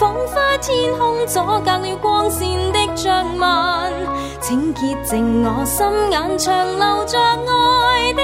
仿佛天空阻隔了光線的掌紋，請潔淨我心眼，長留着愛。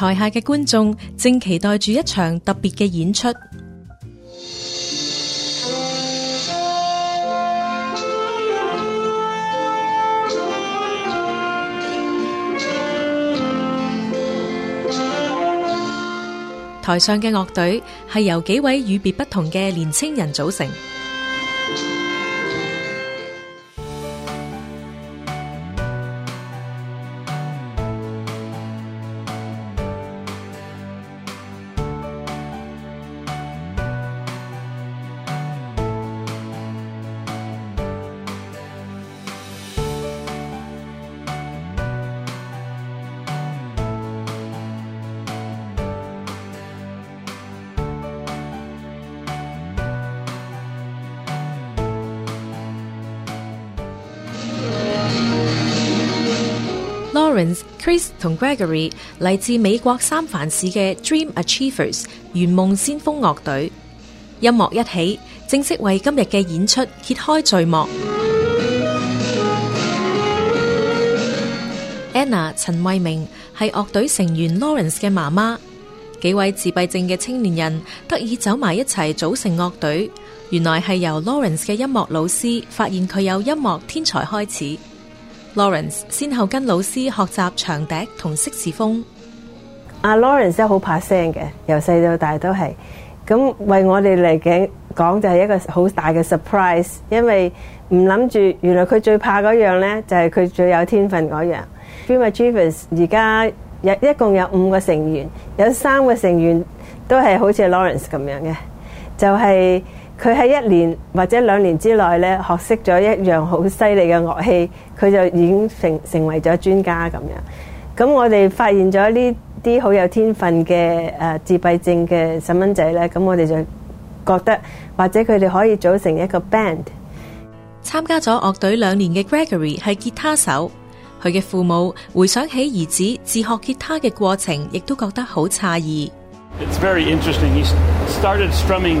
台下嘅觀眾正期待住一場特別嘅演出。台上嘅樂隊係由幾位與別不同嘅年青人組成。Chris 同 Gregory 嚟自美國三藩市嘅 Dream Achievers 圓夢先鋒樂隊，音樂一起正式為今日嘅演出揭開序幕。Anna 陳慧明係樂隊成員 Lawrence 嘅媽媽，幾位自閉症嘅青年人得以走埋一齊組成樂隊，原來係由 Lawrence 嘅音樂老師發現佢有音樂天才開始。Lawrence 先後跟老師學習長笛同色士風。阿 Lawrence 真好怕聲嘅，由細到大都係咁。為我哋嚟講，講就係一個好大嘅 surprise，因為唔諗住，原來佢最怕嗰樣呢，就係、是、佢最有天分嗰樣。Dream Achievers 而家有一共有五個成員，有三個成員都係好似 Lawrence 咁樣嘅，就係、是。佢喺一年或者兩年之內咧，學識咗一樣好犀利嘅樂器，佢就已經成成為咗專家咁樣。咁我哋發現咗呢啲好有天分嘅、呃、自閉症嘅細蚊仔咧，咁我哋就覺得或者佢哋可以組成一個 band。參加咗樂隊兩年嘅 Gregory 係吉他手，佢嘅父母回想起兒子自學吉他嘅過程，亦都覺得好詫異。It's very interesting. He started strumming.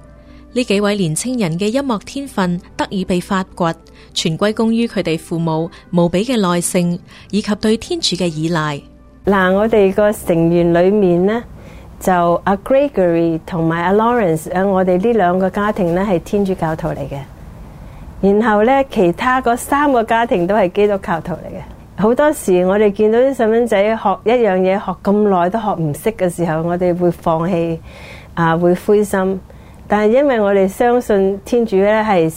呢幾位年青人嘅音樂天分得以被發掘，全歸功於佢哋父母無比嘅耐性以及對天主嘅依賴。嗱，我哋個成員裏面呢，就阿 Gregory 同埋阿 Lawrence，誒，我哋呢兩個家庭呢，係天主教徒嚟嘅。然後呢，其他嗰三個家庭都係基督教徒嚟嘅。好多時我哋見到啲細蚊仔學一樣嘢學咁耐都學唔識嘅時候，我哋會放棄，啊，會灰心。但係因為我哋相信天主咧，係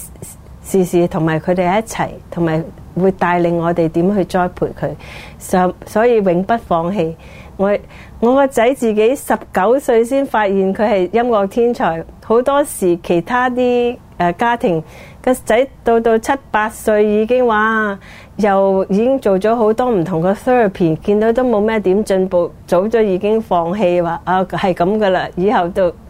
時時同埋佢哋一齊，同埋會帶領我哋點去栽培佢，就所以永不放棄。我我個仔自己十九歲先發現佢係音樂天才，好多時其他啲誒家庭個仔到到七八歲已經話，又已經做咗好多唔同嘅 therapy，見到都冇咩點進步，早就已經放棄話啊，係咁噶啦，以後都。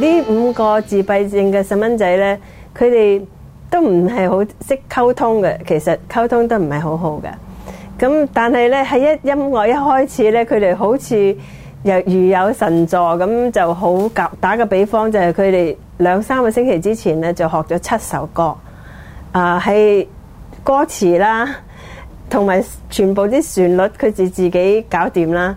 呢五個自閉症嘅細蚊仔呢，佢哋都唔係好識溝通嘅，其實溝通得唔係好好嘅。咁但係呢，喺一音樂一開始呢，佢哋好似又如有神助咁，就好夾。打個比方，就係佢哋兩三個星期之前呢，就學咗七首歌，啊、呃、係歌詞啦，同埋全部啲旋律佢自自己搞掂啦。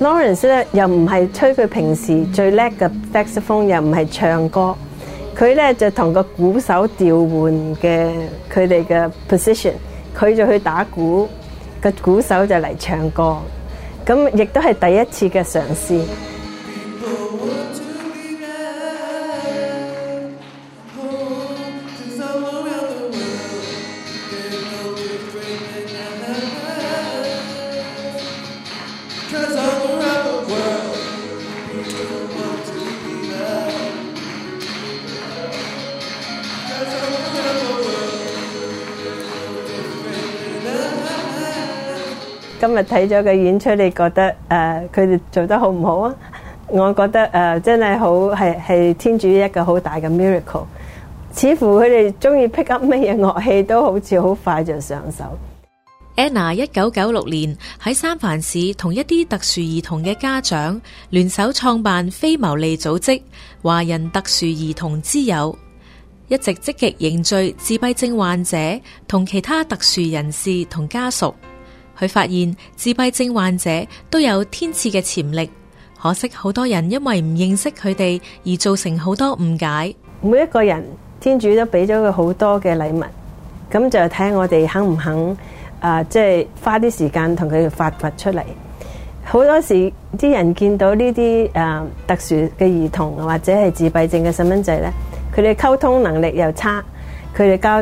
Lawrence 咧又唔係吹佢平時最叻嘅 saxophone，又唔係唱歌，佢咧就同個鼓手調換嘅佢哋嘅 position，佢就去打鼓，個鼓手就嚟唱歌，咁亦都係第一次嘅嘗試。今日睇咗嘅演出，你覺得誒，佢哋、呃、做得好唔好啊？我覺得誒、呃，真係好，係係天主一個好大嘅 miracle。似乎佢哋中意 pick up 咩嘢樂器，都好似好快就上手。Anna 一九九六年喺三藩市同一啲特殊兒童嘅家長聯手創辦非牟利組織華人特殊兒童之友，一直積極凝聚,聚自閉症患者同其他特殊人士同家屬。佢發現自閉症患者都有天賜嘅潛力，可惜好多人因為唔認識佢哋而造成好多誤解。每一個人，天主都俾咗佢好多嘅禮物，咁就睇下我哋肯唔肯啊！即、呃、係、就是、花啲時間同佢哋發掘出嚟。好多時啲人見到呢啲誒特殊嘅兒童或者係自閉症嘅細蚊仔咧，佢哋溝通能力又差，佢哋交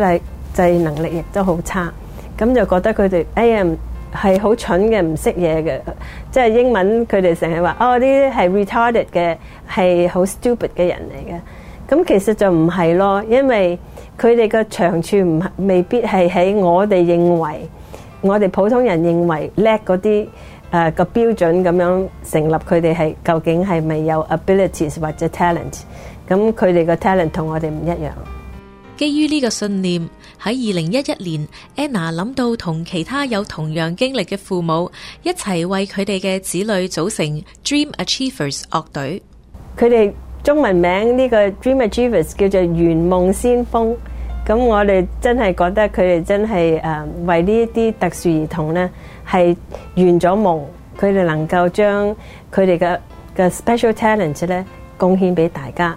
際能力亦都好差，咁就覺得佢哋哎呀！係好蠢嘅，唔識嘢嘅，即係英文佢哋成日話哦啲係 retarded 嘅，係好 stupid 嘅人嚟嘅。咁其實就唔係咯，因為佢哋嘅長處唔未必係喺我哋認為，我哋普通人認為叻啲誒個標準咁樣成立他們，佢哋係究竟係咪有 abilities 或者 talent？咁佢哋嘅 talent 同我哋唔一樣。基於呢個信念，喺二零一一年，Anna 諗到同其他有同樣經歷嘅父母一齊為佢哋嘅子女組成 Dream Achievers 樂隊。佢哋中文名呢個 Dream Achievers 叫做圓夢先鋒。咁我哋真係覺得佢哋真係誒為呢一啲特殊兒童咧係圓咗夢。佢哋能夠將佢哋嘅嘅 special talent 咧貢獻俾大家。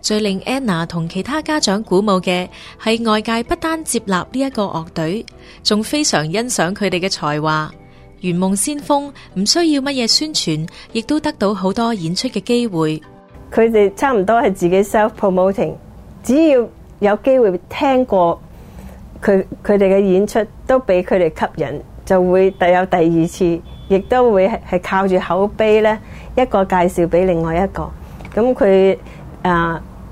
最令 Anna 同其他家長鼓舞嘅係外界不單接納呢一個樂隊，仲非常欣賞佢哋嘅才華。圓夢先鋒唔需要乜嘢宣傳，亦都得到好多演出嘅機會。佢哋差唔多係自己 self-promoting。只要有機會聽過佢佢哋嘅演出，都俾佢哋吸引，就會第有第二次，亦都會係靠住口碑咧，一個介紹俾另外一個。咁佢啊。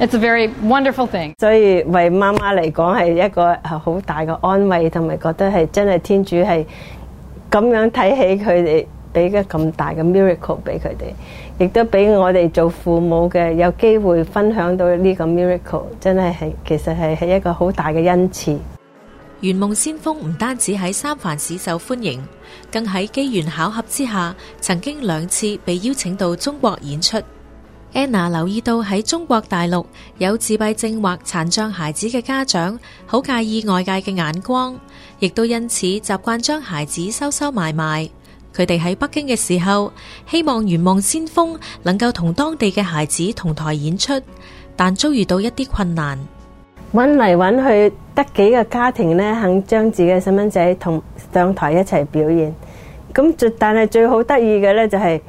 It's a very wonderful thing. 所以為媽媽嚟講係一個好大嘅安慰，同埋覺得係真係天主係咁樣睇起佢哋，俾個咁大嘅 miracle 俾佢哋，亦都俾我哋做父母嘅有機會分享到呢個 miracle，真係係其實係係一個好大嘅恩賜。圓夢先鋒唔單止喺三藩市受歡迎，更喺機緣巧合之下，曾經兩次被邀請到中國演出。Anna 留意到喺中國大陸有自閉症或殘障孩子嘅家長好介意外界嘅眼光，亦都因此習慣將孩子收收埋埋。佢哋喺北京嘅時候，希望圓夢先鋒能夠同當地嘅孩子同台演出，但遭遇到一啲困難。揾嚟揾去得幾個家庭咧肯將自己嘅細蚊仔同上台一齊表演。咁最但係最好得意嘅咧就係、是，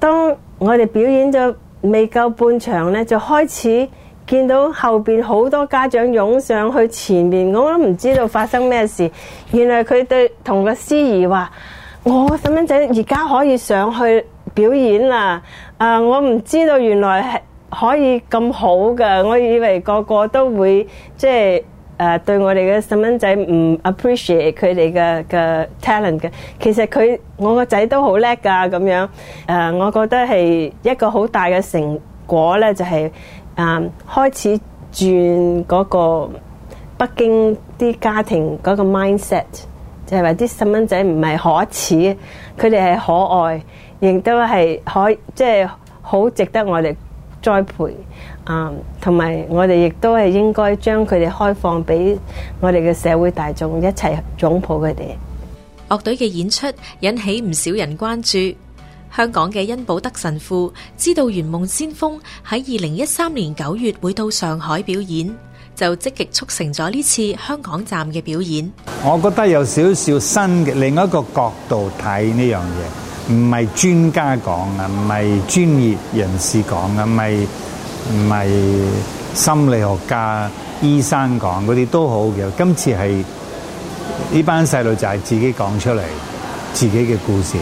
當我哋表演咗。未夠半場咧，就開始見到後面好多家長湧上去前面，我都唔知道發生咩事。原來佢對同個司儀話：我細蚊仔而家可以上去表演啦！啊、呃，我唔知道原來係可以咁好㗎。我以為個個都會即係。誒、呃、對我哋嘅細蚊仔唔 appreciate 佢哋嘅嘅 talent 嘅，其實佢我個仔都好叻㗎咁樣。誒、呃，我覺得係一個好大嘅成果咧，就係、是、誒、呃、開始轉嗰個北京啲家庭嗰個 mindset，就係話啲細蚊仔唔係可恥，佢哋係可愛，亦都係可即係好值得我哋栽培。嗯，同埋我哋亦都係應該將佢哋開放俾我哋嘅社會大眾一齊擁抱佢哋。樂隊嘅演出引起唔少人關注。香港嘅恩寶德神父知道圓夢先鋒喺二零一三年九月會到上海表演，就積極促成咗呢次香港站嘅表演。我覺得有少少新嘅另一個角度睇呢樣嘢，唔係專家講啊，唔係專業人士講啊，唔係。唔係心理學家、醫生講嗰啲都好嘅。今次係呢班細路仔係自己講出嚟自己嘅故事，誒、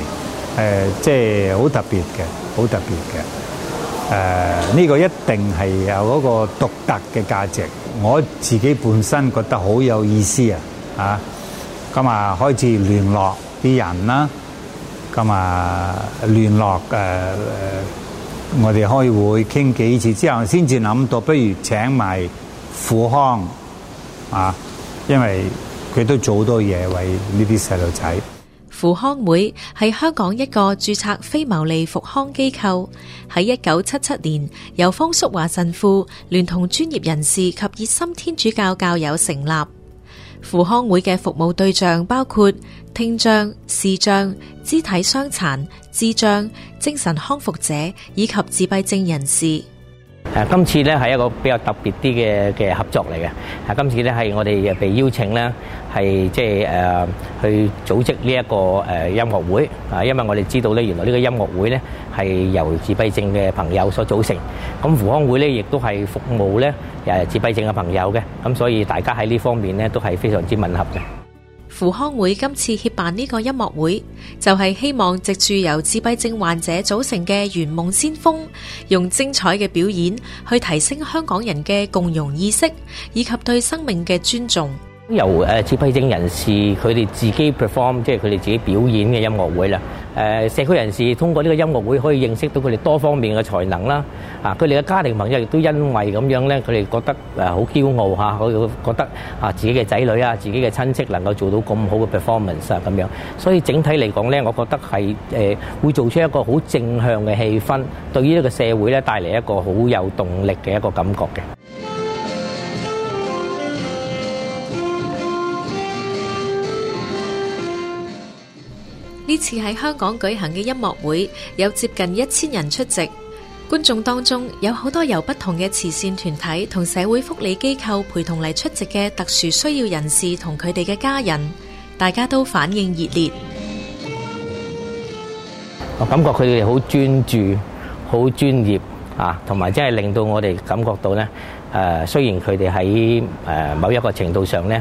呃，即係好特別嘅，好特別嘅，誒、呃，呢、呢個一定係有嗰個獨特嘅價值。我自己本身覺得好有意思啊！啊，咁啊開始聯絡啲人啦，咁啊聯、啊、絡誒。呃我哋開會傾幾次之後，先至諗到不如請埋富康啊，因為佢都做好多嘢為呢啲細路仔。富康會係香港一個註冊非牟利復康機構，喺一九七七年由方叔華神父聯同專業人士及熱心天主教教友成立。扶康會嘅服務對象包括聽障、視障、肢體傷殘、智障、精神康復者以及自閉症人士。誒，今次咧係一個比較特別啲嘅嘅合作嚟嘅。啊，今次咧係我哋被邀請咧，係即係誒去組織呢一個誒音樂會。啊，因為我哋知道咧，原來呢個音樂會咧係由自閉症嘅朋友所組成。咁扶康會咧亦都係服務咧誒自閉症嘅朋友嘅。咁所以大家喺呢方面咧都係非常之吻合嘅。扶康會今次協辦呢個音樂會，就係希望藉住由自閉症患者組成嘅圓夢先鋒，用精彩嘅表演去提升香港人嘅共融意識，以及對生命嘅尊重。由誒，自閉症人士，佢哋自己 perform，即係佢哋自己表演嘅音樂會啦。誒，社區人士通過呢個音樂會可以認識到佢哋多方面嘅才能啦。啊，佢哋嘅家庭朋友亦都因為咁樣咧，佢哋覺得誒好驕傲吓，佢覺得啊自己嘅仔女啊，自己嘅親戚能夠做到咁好嘅 performance 啊，咁樣。所以整體嚟講咧，我覺得係誒會做出一個好正向嘅氣氛，對於呢個社會咧帶嚟一個好有動力嘅一個感覺嘅。次喺香港舉行嘅音樂會，有接近一千人出席，觀眾當中有好多由不同嘅慈善團體同社會福利機構陪同嚟出席嘅特殊需要人士同佢哋嘅家人，大家都反應熱烈。我感覺佢哋好專注、好專業啊，同埋真係令到我哋感覺到咧，誒，雖然佢哋喺誒某一個程度上咧。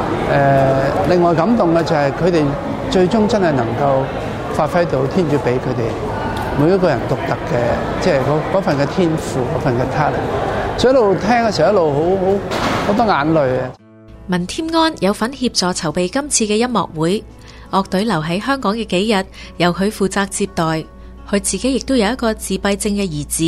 誒、呃，另外感動嘅就係佢哋最終真係能夠發揮到天主俾佢哋每一個人獨特嘅，即係嗰份嘅天賦、嗰份嘅才能。所以一路聽嘅時候一很，一路好好好多眼淚啊！文天安有份協助籌備今次嘅音樂會，樂隊留喺香港嘅幾日，由佢負責接待。佢自己亦都有一個自閉症嘅兒子，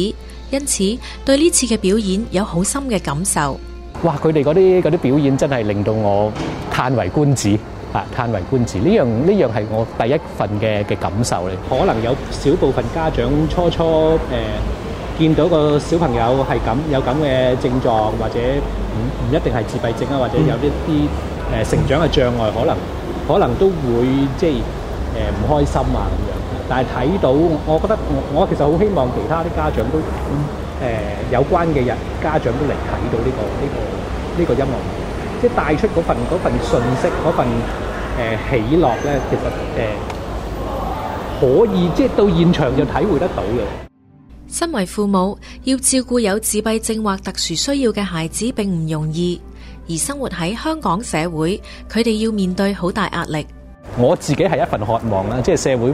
因此對呢次嘅表演有好深嘅感受。哇！佢哋嗰啲啲表演真係令到我嘆為觀止啊！嘆為觀止呢樣呢樣係我第一份嘅嘅感受嚟。可能有小部分家長初初誒、呃、見到個小朋友係咁有咁嘅症狀，或者唔唔一定係自閉症啊，或者有一啲誒、呃、成長嘅障礙，可能可能都會即係誒唔開心啊咁樣。但係睇到我覺得我我其實好希望其他啲家長都，嗯誒、呃，有關嘅人、家長都嚟睇到呢、這個呢、這個呢、這個音樂，即係帶出嗰份嗰份信息，嗰份誒、呃、喜樂咧，其實誒、呃、可以即係到現場就體會得到嘅。身為父母，要照顧有自閉症或特殊需要嘅孩子並唔容易，而生活喺香港社會，佢哋要面對好大壓力。我自己係一份渴望啦，即、就、係、是、社會。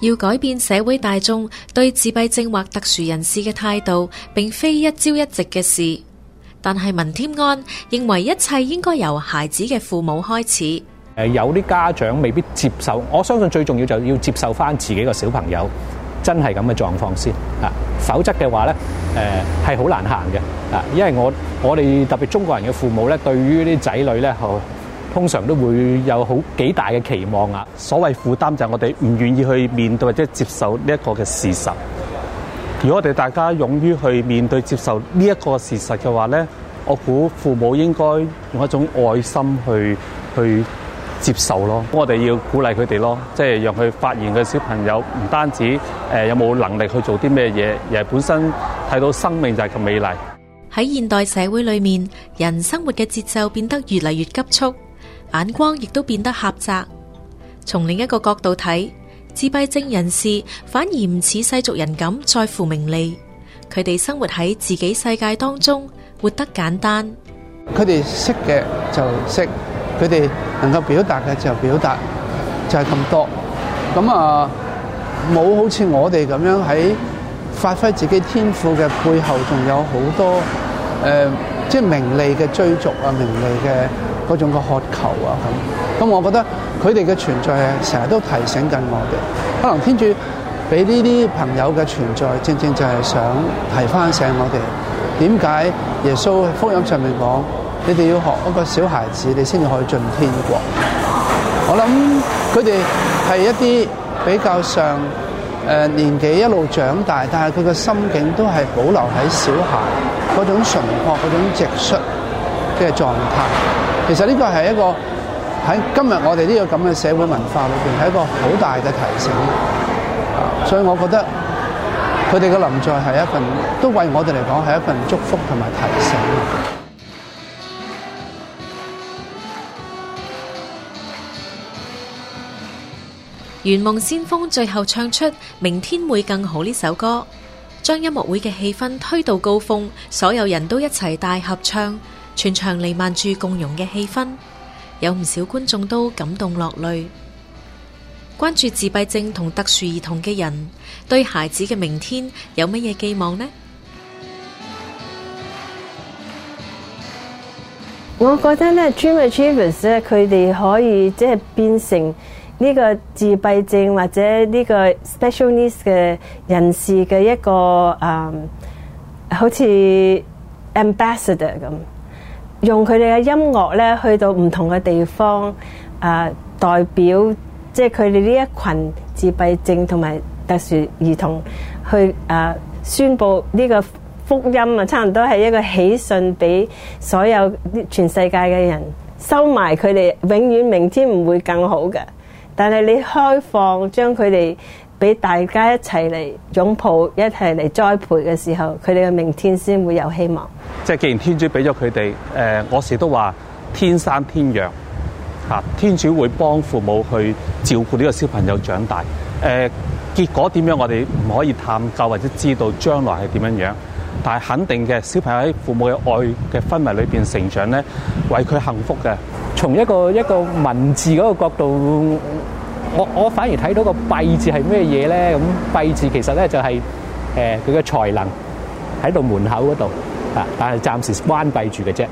要改變社會大眾對自閉症或特殊人士嘅態度，並非一朝一夕嘅事。但係文添安認為，一切應該由孩子嘅父母開始。誒，有啲家長未必接受，我相信最重要就要接受翻自己個小朋友真係咁嘅狀況先啊，否則嘅話呢，誒係好難行嘅啊，因為我我哋特別中國人嘅父母咧，對於啲仔女咧，好。通常都會有好幾大嘅期望啊。所謂負擔就係我哋唔願意去面對或者接受呢一個嘅事實。如果我哋大家勇於去面對接受呢一個事實嘅話咧，我估父母應該用一種愛心去去接受咯。我哋要鼓勵佢哋咯，即係讓佢發現個小朋友唔單止誒有冇能力去做啲咩嘢，而係本身睇到生命就係咁美麗。喺現代社會裏面，人生活嘅節奏變得越嚟越急促。眼光亦都變得狹窄。從另一個角度睇，自閉症人士反而唔似世俗人咁在乎名利。佢哋生活喺自己世界當中，活得簡單。佢哋識嘅就識，佢哋能夠表達嘅就表達，就係咁多。咁啊，冇好似我哋咁樣喺發揮自己天賦嘅背後，仲有好多誒，即係名利嘅追逐啊，名利嘅。嗰種個渴求啊，咁，咁我覺得佢哋嘅存在係成日都提醒緊我哋。可能天主俾呢啲朋友嘅存在，正正就係想提翻醒我哋點解耶穌喺福音上面講，你哋要學一個小孩子，你先至可以進天國。我諗佢哋係一啲比較上、呃、年紀一路長大，但係佢嘅心境都係保留喺小孩嗰種純樸、嗰種直率嘅狀態。其實呢個係一個喺今日我哋呢個咁嘅社會文化裏面係一個好大嘅提醒，所以我覺得佢哋嘅臨在係一份都為我哋嚟講係一份祝福同埋提醒。圓夢先鋒最後唱出《明天會更好》呢首歌，將音樂會嘅氣氛推到高峰，所有人都一齊大合唱。全場彌漫住共融嘅氣氛，有唔少觀眾都感動落淚。關注自閉症同特殊兒童嘅人，對孩子嘅明天有乜嘢寄望呢？我覺得咧，Dream Achievers 咧，佢哋可以即係變成呢個自閉症或者呢個 specialist 嘅人士嘅一個誒，好似 ambassador 咁。用佢哋嘅音樂咧，去到唔同嘅地方，呃、代表即係佢哋呢一群自閉症同埋特殊兒童去，呃、宣佈呢個福音啊，差唔多係一個喜訊俾所有全世界嘅人收埋佢哋，永遠明天唔會更好嘅。但係你開放將佢哋。俾大家一齊嚟擁抱，一齊嚟栽培嘅時候，佢哋嘅明天先會有希望。即係既然天主俾咗佢哋，誒、呃，我時都話天生天養，嚇、啊，天主會幫父母去照顧呢個小朋友長大。誒、呃，結果點樣我哋唔可以探究，或者知道將來係點樣樣，但係肯定嘅，小朋友喺父母嘅愛嘅氛圍裏邊成長咧，為佢幸福嘅。從一個一個文字嗰個角度。我我反而睇到個閉字係咩嘢咧？咁閉字其實咧就係誒佢嘅才能喺度門口嗰度啊，但係暫時關閉住嘅啫。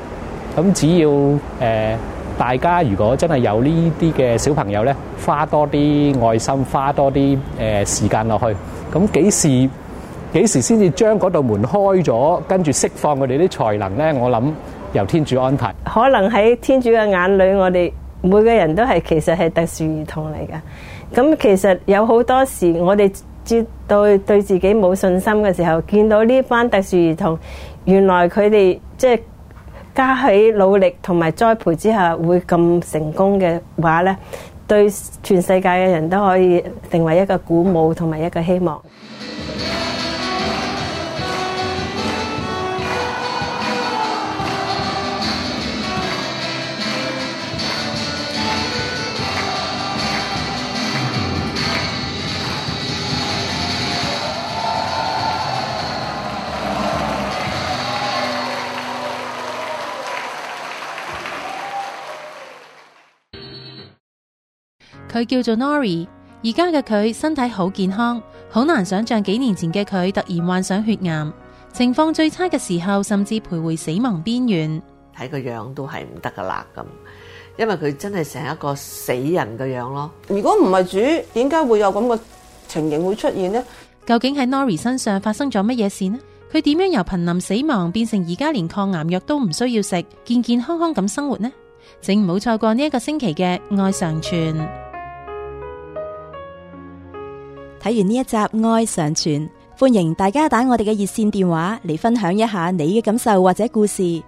咁只要誒、呃、大家如果真係有呢啲嘅小朋友咧，花多啲愛心，花多啲誒、呃、時間落去，咁幾時幾時先至將嗰道門開咗，跟住釋放佢哋啲才能咧？我諗由天主安排。可能喺天主嘅眼裏我，我哋。每個人都係其實係特殊兒童嚟㗎，咁其實有好多時，我哋絕對對自己冇信心嘅時候，見到呢班特殊兒童，原來佢哋即係加起努力同埋栽培之下，會咁成功嘅話呢，對全世界嘅人都可以成為一個鼓舞同埋一個希望。佢叫做 Nori，而家嘅佢身體好健康，好難想象幾年前嘅佢突然患上血癌，情況最差嘅時候甚至徘徊死亡邊緣。睇個樣都係唔得噶啦，咁因為佢真係成一個死人嘅樣咯。如果唔係主，點解會有咁嘅情形會出現呢？究竟喺 Nori 身上發生咗乜嘢事呢？佢點樣由瀕臨死亡變成而家連抗癌藥都唔需要食，健健康康咁生活呢？請唔好錯過呢一個星期嘅《愛上傳》。睇完呢一集《愛常存》，歡迎大家打我哋嘅熱線電話嚟分享一下你嘅感受或者故事。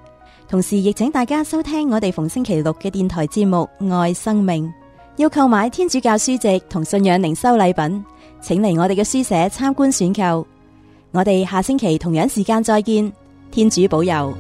同時亦請大家收聽我哋逢星期六嘅電台節目《愛生命》。要購買天主教書籍同信仰靈修禮品，請嚟我哋嘅書社參觀選購。我哋下星期同樣時間再見。天主保佑。